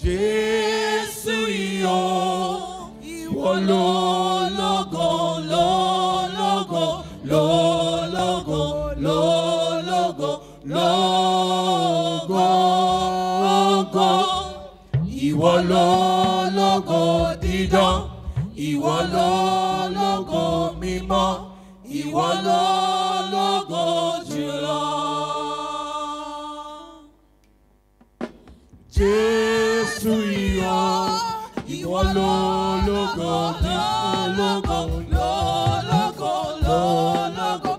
Iwo Jésù ìyọ̀ ìwọ lólógo lólógo lólógo lólógo lógo ògo ìwọ lólógo dídán ìwọ lólógo mímọ́ ìwọ lólógo. Igual loco, loco, loco, loco, loco,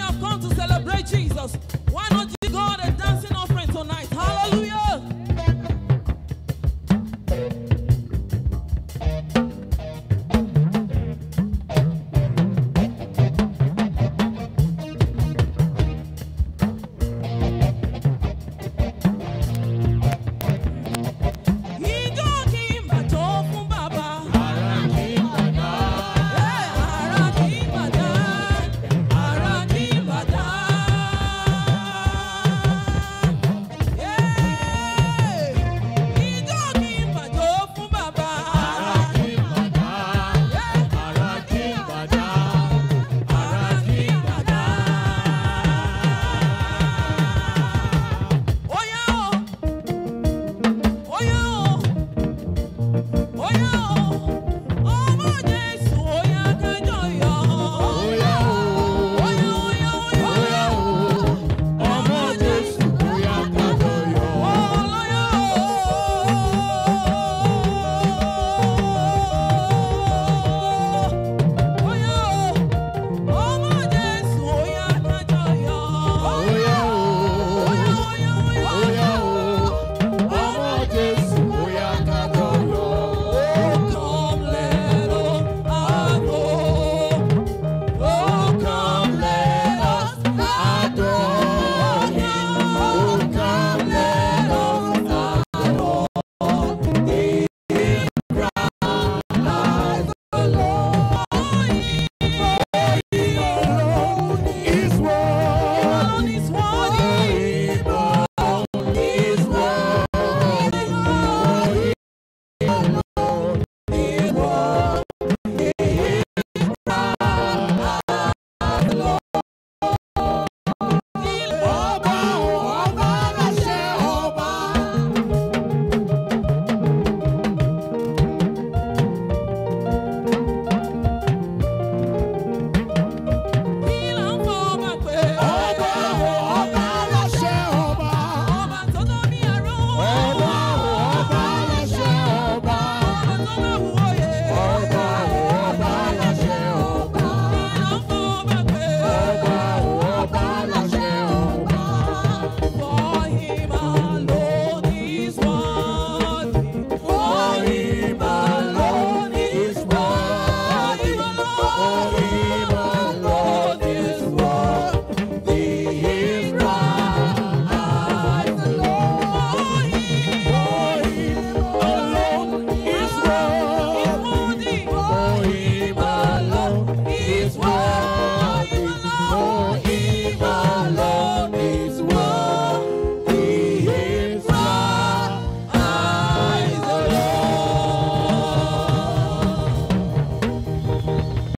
have come to celebrate Jesus, why not you?